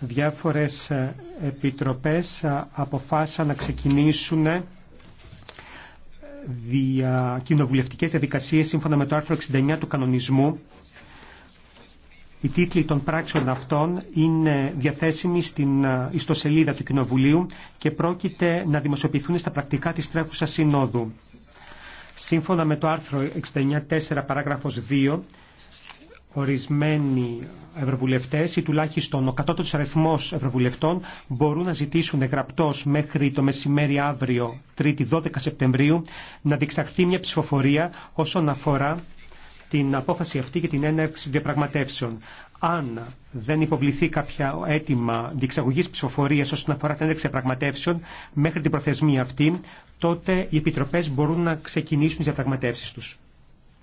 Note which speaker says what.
Speaker 1: διάφορες ε, επιτροπές ε, αποφάσισαν να ξεκινήσουν ε, δια... κοινοβουλευτικές διαδικασίες σύμφωνα με το άρθρο 69 του κανονισμού. Οι τίτλοι των πράξεων αυτών είναι διαθέσιμοι στην ιστοσελίδα του Κοινοβουλίου και πρόκειται να δημοσιοποιηθούν στα πρακτικά της τρέχουσας συνόδου. Σύμφωνα με το άρθρο 69.4 παράγραφος 2, ορισμένοι ευρωβουλευτέ ή τουλάχιστον ο κατώτατο αριθμό ευρωβουλευτών μπορούν να ζητήσουν γραπτό μέχρι το μεσημέρι αύριο, 3η 12 Σεπτεμβρίου, να διεξαχθεί μια ψηφοφορία όσον αφορά την απόφαση αυτή για την έναρξη διαπραγματεύσεων. Αν δεν υποβληθεί κάποια αίτημα διεξαγωγή ψηφοφορία όσον αφορά την έναρξη διαπραγματεύσεων μέχρι την προθεσμία αυτή, τότε οι επιτροπέ μπορούν να ξεκινήσουν τι διαπραγματεύσει του.